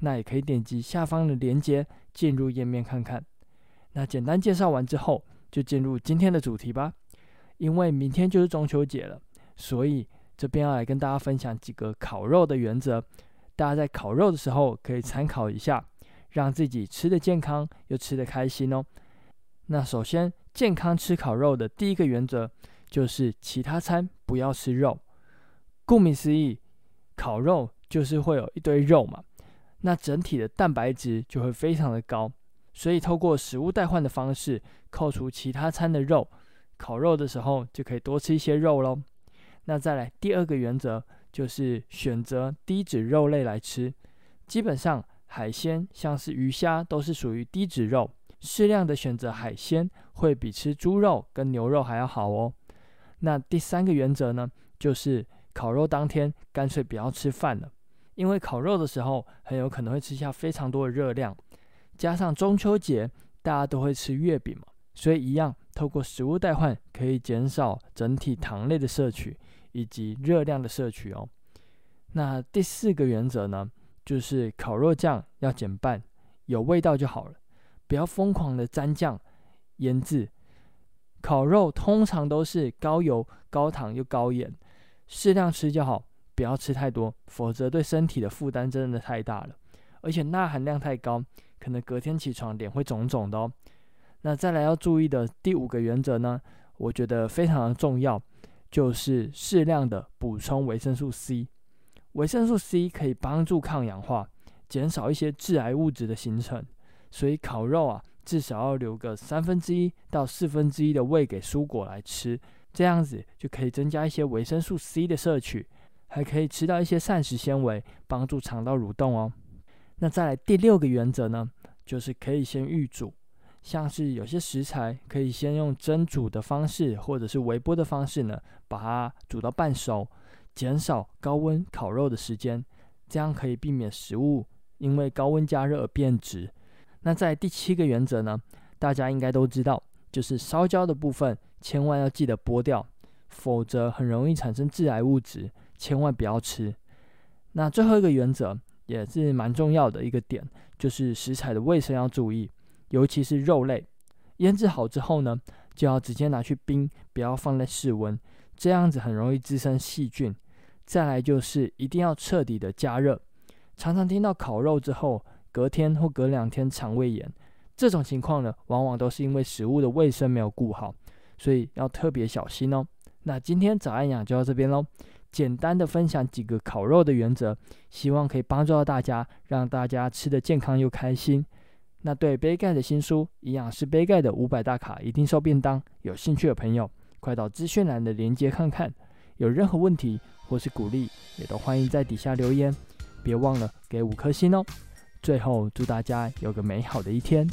那也可以點擊下方的鏈接進入頁面看看。那簡單介紹完之後，就進入今天的主題吧。因為明天就是中秋節了，所以這邊要來跟大家分享幾個烤肉的原則，大家在烤肉的時候可以參考一下，讓自己吃得健康又吃得開心哦。那首先，健康吃烤肉的第一個原則就是其他餐不要吃肉。顧名思義，烤肉就是會有一堆肉嘛。那整體的蛋白質就會非常的高，所以透過食物代換的方式扣除其他餐的肉，烤肉的時候就可以多吃一些肉嘍。那再來第二個原則就是選擇低脂肉類來吃，基本上海鮮像是魚蝦都是屬於低脂肉，適量的選擇海鮮會比吃豬肉跟牛肉還要好哦。那第三個原則呢，就是烤肉當天乾脆不要吃飯了。因為烤肉的時候很有可能會吃下非常多的熱量，加上中秋節大家都會吃月餅嘛，所以一樣透過食物代換可以減少整體糖類的攝取以及熱量的攝取哦。那第四個原則呢，就是烤肉醬要減半，有味道就好了，不要瘋狂的沾醬醃制。烤肉通常都是高油、高糖又高鹽，適量吃就好。不要吃太多，否則對身體的負擔真的太大了。而且鈉含量太高，可能隔天起床臉會腫腫的哦。那再來要注意的第五個原則呢，我覺得非常的重要，就是適量的補充維生素 C。維生素 C 可以幫助抗氧化，減少一些致癌物質的形成。所以烤肉啊，至少要留個三分之一到四分之一的胃給蔬果來吃，這樣子就可以增加一些維生素 C 的攝取。還可以吃到一些膳食纖維，幫助腸道蠕動哦。那再來第六個原則呢，就是可以先預煮，像是有些食材可以先用蒸煮的方式，或者是微波的方式呢，把它煮到半熟，減少高溫烤肉的時間，這樣可以避免食物因為高溫加熱而變質。那在第七個原則呢，大家應該都知道，就是燒焦的部分千萬要記得剝掉，否則很容易產生致癌物質。千萬不要吃。那最後一個原則也是蠻重要的一個點，就是食材的衛生要注意，尤其是肉類，醃製好之後呢，就要直接拿去冰，不要放在室溫，這樣子很容易滋生細菌。再來就是一定要徹底的加熱。常常聽到烤肉之後隔天或隔兩天腸胃炎，這種情況呢，往往都是因為食物的衛生沒有顧好，所以要特別小心哦。那今天早安營養就到這邊嘍。簡單的分享幾個烤肉的原則，希望可以幫助到大家，讓大家吃得健康又開心。那對杯蓋的新書《營養師杯蓋的五百大卡一定瘦便當》，有興趣的朋友，快到資訊欄的鏈接看看。有任何問題或是鼓勵，也都歡迎在底下留言，別忘了給五顆星哦。最後，祝大家有個美好的一天。